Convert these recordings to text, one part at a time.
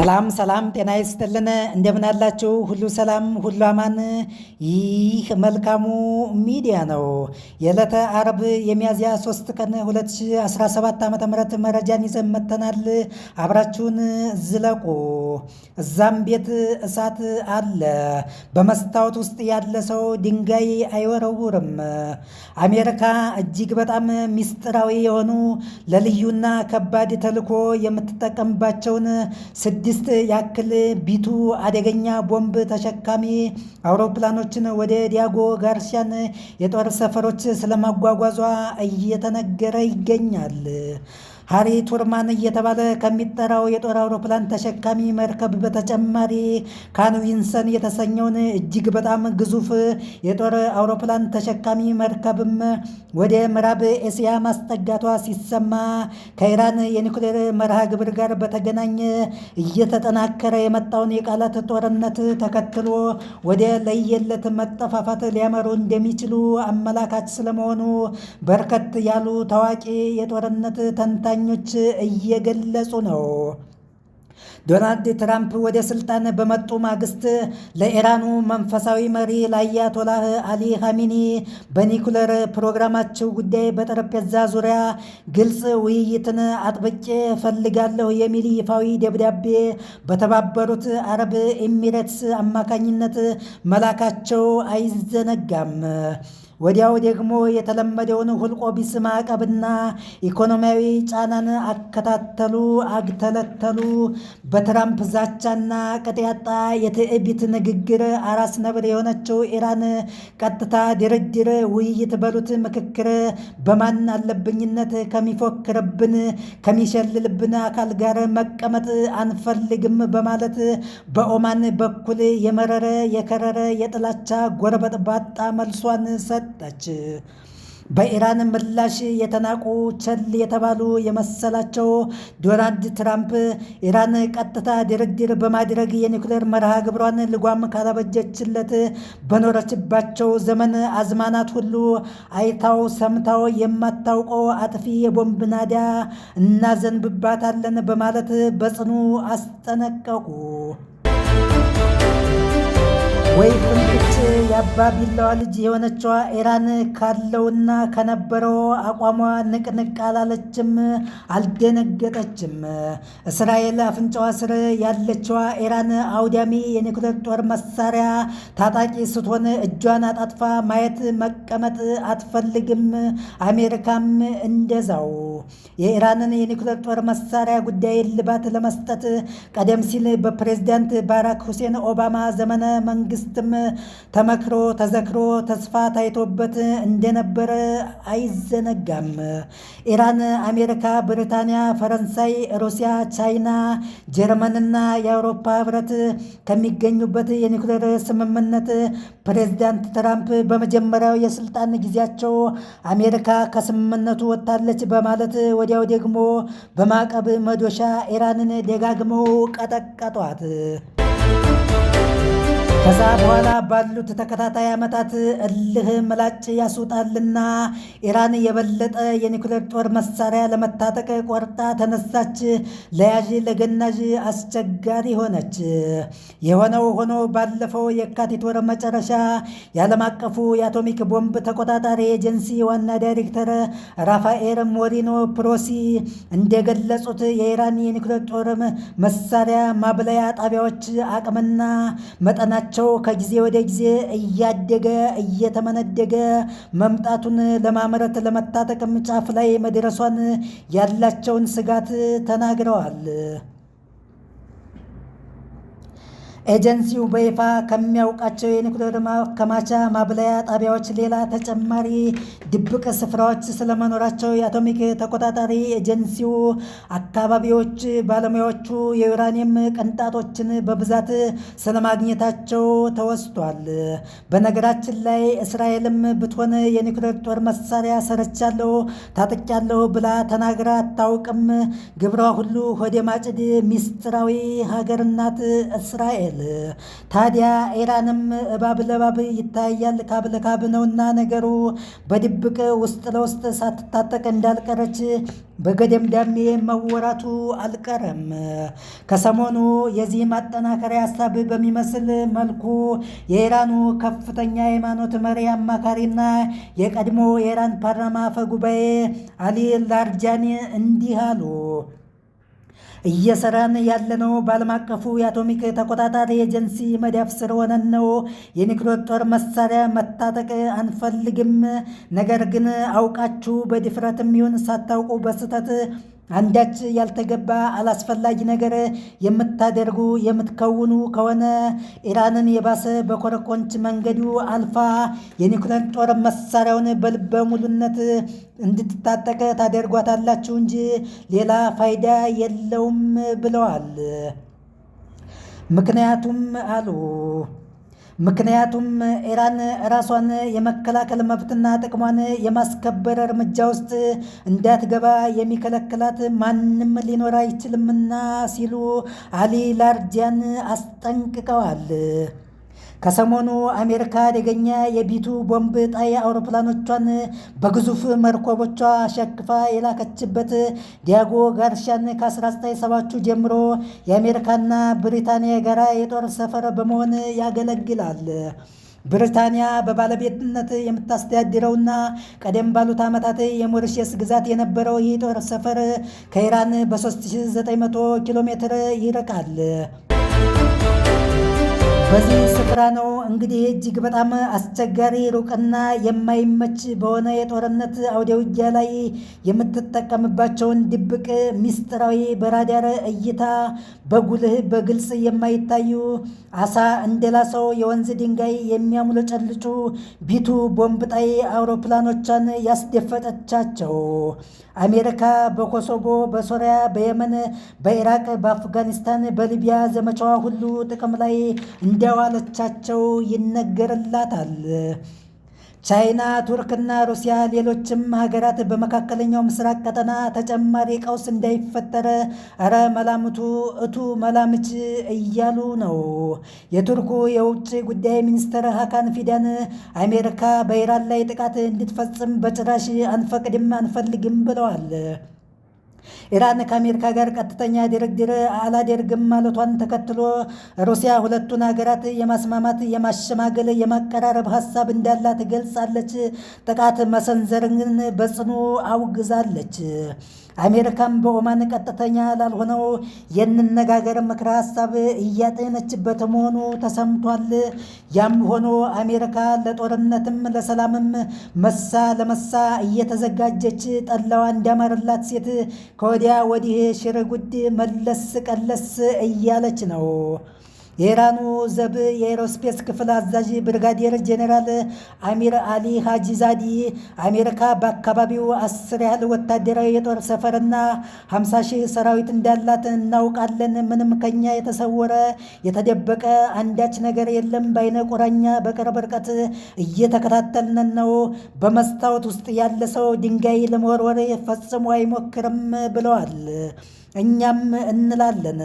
ሰላም ሰላም፣ ጤና ይስጥልን። እንደምን አላችሁ? ሁሉ ሰላም፣ ሁሉ አማን። ይህ መልካሙ ሚዲያ ነው። የዕለተ አርብ የሚያዝያ 3 ቀን 2017 ዓ ም መረጃን ይዘን መጥተናል። አብራችሁን ዝለቁ። እዛም ቤት እሳት አለ። በመስታወት ውስጥ ያለ ሰው ድንጋይ አይወረውርም። አሜሪካ እጅግ በጣም ሚስጥራዊ የሆኑ ለልዩና ከባድ ተልዕኮ የምትጠቀምባቸውን ስድ ስድስት ያክል ቢቱ አደገኛ ቦምብ ተሸካሚ አውሮፕላኖችን ወደ ዲያጎ ጋርሲያን የጦር ሰፈሮች ስለማጓጓዟ እየተነገረ ይገኛል። ሃሪ ቱርማን እየተባለ ከሚጠራው የጦር አውሮፕላን ተሸካሚ መርከብ በተጨማሪ ካንዊንሰን የተሰኘውን እጅግ በጣም ግዙፍ የጦር አውሮፕላን ተሸካሚ መርከብም ወደ ምዕራብ ኤስያ ማስጠጋቷ ሲሰማ ከኢራን የኒውክሌር መርሃ ግብር ጋር በተገናኘ እየተጠናከረ የመጣውን የቃላት ጦርነት ተከትሎ ወደ ለየለት መጠፋፋት ሊያመሩ እንደሚችሉ አመላካች ስለመሆኑ በርከት ያሉ ታዋቂ የጦርነት ተንታኝ ተንታኞች እየገለጹ ነው። ዶናልድ ትራምፕ ወደ ስልጣን በመጡ ማግስት ለኢራኑ መንፈሳዊ መሪ ለአያቶላህ አሊ ሃሚኒ በኒኩለር ፕሮግራማቸው ጉዳይ በጠረጴዛ ዙሪያ ግልጽ ውይይትን አጥብቄ ፈልጋለሁ የሚል ይፋዊ ደብዳቤ በተባበሩት አረብ ኤሚሬትስ አማካኝነት መላካቸው አይዘነጋም። ወዲያው ደግሞ የተለመደውን ሁልቆ ቢስ ማዕቀብና ኢኮኖሚያዊ ጫናን አከታተሉ፣ አግተለተሉ። በትራምፕ ዛቻና ቅጥያጣ የትዕቢት ንግግር አራስ ነብር የሆነችው ኢራን ቀጥታ ድርድር፣ ውይይት በሉት ምክክር በማን አለብኝነት ከሚፎክርብን ከሚሸልልብን አካል ጋር መቀመጥ አንፈልግም በማለት በኦማን በኩል የመረረ የከረረ የጥላቻ ጎረበጥባጣ ባጣ መልሷን ሰጥ ሰጠች። በኢራን ምላሽ የተናቁ ቸል የተባሉ የመሰላቸው ዶናልድ ትራምፕ ኢራን ቀጥታ ድርድር በማድረግ የኒውክሌር መርሃ ግብሯን ልጓም ካላበጀችለት በኖረችባቸው ዘመን አዝማናት ሁሉ አይታው ሰምታው የማታውቀው አጥፊ የቦምብ ናዳ እናዘንብባታለን በማለት በጽኑ አስጠነቀቁ። ወይ ፍንክች የአባ ቢላዋ ልጅ የሆነችዋ ኢራን ካለውና ከነበረው አቋሟ ንቅንቅ አላለችም፣ አልደነገጠችም። እስራኤል አፍንጫዋ ስር ያለችዋ ኢራን አውዳሚ የኒውክሌር ጦር መሳሪያ ታጣቂ ስትሆን እጇን አጣጥፋ ማየት መቀመጥ አትፈልግም። አሜሪካም እንደዛው። የኢራንን የኒውክሌር ጦር መሳሪያ ጉዳይ ልባት ለመስጠት ቀደም ሲል በፕሬዚዳንት ባራክ ሁሴን ኦባማ ዘመነ መንግስት መንግስትም ተመክሮ ተዘክሮ ተስፋ ታይቶበት እንደነበረ አይዘነጋም። ኢራን፣ አሜሪካ፣ ብሪታንያ፣ ፈረንሳይ፣ ሩሲያ፣ ቻይና፣ ጀርመንና የአውሮፓ ህብረት ከሚገኙበት የኒውክሌር ስምምነት ፕሬዚዳንት ትራምፕ በመጀመሪያው የስልጣን ጊዜያቸው አሜሪካ ከስምምነቱ ወጥታለች በማለት ወዲያው ደግሞ በማዕቀብ መዶሻ ኢራንን ደጋግመው ቀጠቀጧት። ከዛ በኋላ ባሉት ተከታታይ ዓመታት እልህ ምላጭ ያስወጣልና ኢራን የበለጠ የኒኩሌር ጦር መሳሪያ ለመታጠቅ ቆርጣ ተነሳች። ለያዥ ለገናዥ አስቸጋሪ ሆነች። የሆነው ሆኖ ባለፈው የካቲት ወር መጨረሻ የዓለም አቀፉ የአቶሚክ ቦምብ ተቆጣጣሪ ኤጀንሲ ዋና ዳይሬክተር ራፋኤል ሞሪኖ ፕሮሲ እንደገለጹት የኢራን የኒኩሌር ጦር መሳሪያ ማብለያ ጣቢያዎች አቅምና መጠናቸው ቸው ከጊዜ ወደ ጊዜ እያደገ እየተመነደገ መምጣቱን ለማምረት ለመታጠቅም ጫፍ ላይ መድረሷን ያላቸውን ስጋት ተናግረዋል። ኤጀንሲው በይፋ ከሚያውቃቸው የኒውክሌር ማከማቻ ማብለያ ጣቢያዎች ሌላ ተጨማሪ ድብቅ ስፍራዎች ስለመኖራቸው የአቶሚክ ተቆጣጣሪ ኤጀንሲው አካባቢዎች ባለሙያዎቹ የዩራኒየም ቅንጣቶችን በብዛት ስለማግኘታቸው ተወስቷል። በነገራችን ላይ እስራኤልም ብትሆን የኒውክሌር ጦር መሳሪያ ሰርቻለሁ፣ ታጥቂያለሁ ብላ ተናግራ አታውቅም። ግብሯ ሁሉ ሆደ ማጭድ ሚስጥራዊ ሀገር ናት እስራኤል። ታዲያ ኢራንም እባብ ለባብ ይታያል ካብ ለካብ ነውና ነገሩ በድብቅ ውስጥ ለውስጥ ሳትታጠቅ እንዳልቀረች በገደም ዳሜ መወራቱ አልቀረም። ከሰሞኑ የዚህ ማጠናከሪያ ሀሳብ በሚመስል መልኩ የኢራኑ ከፍተኛ ሃይማኖት መሪ አማካሪና የቀድሞ የኢራን ፓርላማ አፈ ጉባኤ አሊ ላርጃኒ እንዲህ አሉ። እየሰራን ያለነው በዓለም አቀፉ የአቶሚክ ተቆጣጣሪ ኤጀንሲ መዳፍ ስር ሆነን ነው። የኒውክሌር ጦር መሳሪያ መታጠቅ አንፈልግም። ነገር ግን አውቃችሁ በድፍረትም ይሁን ሳታውቁ በስህተት አንዳች ያልተገባ አላስፈላጊ ነገር የምታደርጉ የምትከውኑ ከሆነ ኢራንን የባሰ በኮረኮንች መንገዱ አልፋ የኒውክሌር ጦር መሳሪያውን በልበ ሙሉነት እንድትታጠቀ ታደርጓታላችሁ እንጂ ሌላ ፋይዳ የለውም ብለዋል። ምክንያቱም አሉ ምክንያቱም ኢራን ራሷን የመከላከል መብትና ጥቅሟን የማስከበር እርምጃ ውስጥ እንዳትገባ የሚከለክላት ማንም ሊኖር አይችልምና ሲሉ አሊ ላርጃን አስጠንቅቀዋል። ከሰሞኑ አሜሪካ አደገኛ የቢቱ ቦምብ ጣይ አውሮፕላኖቿን በግዙፍ መርከቦቿ አሸክፋ የላከችበት ዲያጎ ጋርሻን ከ1970ዎቹ ጀምሮ የአሜሪካና ብሪታንያ የጋራ የጦር ሰፈር በመሆን ያገለግላል። ብሪታንያ በባለቤትነት የምታስተዳድረውና ቀደም ባሉት ዓመታት የሞሪሸስ ግዛት የነበረው የጦር ሰፈር ከኢራን በ3900 ኪሎ ሜትር ይርቃል። በዚህ ስፍራ ነው እንግዲህ እጅግ በጣም አስቸጋሪ ሩቅና የማይመች በሆነ የጦርነት አውደ ውጊያ ላይ የምትጠቀምባቸውን ድብቅ ሚስጥራዊ በራዳር እይታ በጉልህ በግልጽ የማይታዩ አሳ እንደላሰው የወንዝ ድንጋይ የሚያሙለጨልጩ ቢቱ ቦምብጣይ አውሮፕላኖቿን ያስደፈጠቻቸው አሜሪካ በኮሶቮ፣ በሶሪያ፣ በየመን፣ በኢራቅ፣ በአፍጋኒስታን፣ በሊቢያ ዘመቻዋ ሁሉ ጥቅም ላይ እንደዋለቻቸው ይነገርላታል። ቻይና፣ ቱርክና ሩሲያ ሌሎችም ሀገራት በመካከለኛው ምስራቅ ቀጠና ተጨማሪ ቀውስ እንዳይፈጠረ እረ መላምቱ እቱ መላምች እያሉ ነው። የቱርኩ የውጭ ጉዳይ ሚኒስትር ሀካን ፊዳን አሜሪካ በኢራን ላይ ጥቃት እንድትፈጽም በጭራሽ አንፈቅድም፣ አንፈልግም ብለዋል። ኢራን ከአሜሪካ ጋር ቀጥተኛ ድርድር አላደርግም ማለቷን ተከትሎ ሩሲያ ሁለቱን ሀገራት የማስማማት፣ የማሸማገል፣ የማቀራረብ ሀሳብ እንዳላት ገልጻለች። ጥቃት መሰንዘርን በጽኑ አውግዛለች። አሜሪካም በኦማን ቀጥተኛ ላልሆነው የንነጋገር ምክረ ሀሳብ እያጤነችበት መሆኑ ተሰምቷል። ያም ሆኖ አሜሪካ ለጦርነትም ለሰላምም መሳ ለመሳ እየተዘጋጀች ጠላዋ እንዳማረላት ሴት ከወዲያ ወዲህ ሽርጉድ መለስ ቀለስ እያለች ነው። የኢራኑ ዘብ የኤሮስፔስ ክፍል አዛዥ ብርጋዴር ጄኔራል አሚር አሊ ሃጂዛዲ አሜሪካ በአካባቢው አስር ያህል ወታደራዊ የጦር ሰፈርና ሀምሳ ሺህ ሰራዊት እንዳላት እናውቃለን። ምንም ከኛ የተሰወረ የተደበቀ አንዳች ነገር የለም። በአይነ ቁራኛ በቅርብ ርቀት እየተከታተልን ነው። በመስታወት ውስጥ ያለ ሰው ድንጋይ ለመወርወር ፈጽሞ አይሞክርም ብለዋል። እኛም እንላለን።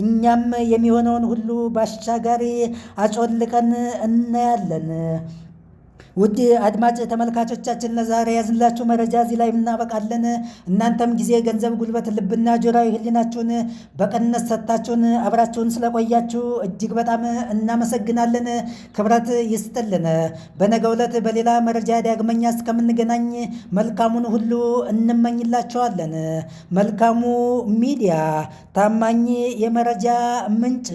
እኛም የሚሆነውን ሁሉ ባሻጋሪ አጮልቀን እናያለን። ውድ አድማጭ ተመልካቾቻችን ለዛሬ ያዝንላችሁ መረጃ እዚህ ላይ እናበቃለን። እናንተም ጊዜ፣ ገንዘብ፣ ጉልበት፣ ልብና ጆሮዊ ህሊናችሁን በቀንነት ሰጥታችሁን አብራችሁን ስለቆያችሁ እጅግ በጣም እናመሰግናለን። ክብረት ይስጥልን። በነገ ዕለት በሌላ መረጃ ዳግመኛ እስከምንገናኝ መልካሙን ሁሉ እንመኝላችኋለን። መልካሙ ሚዲያ ታማኝ የመረጃ ምንጭ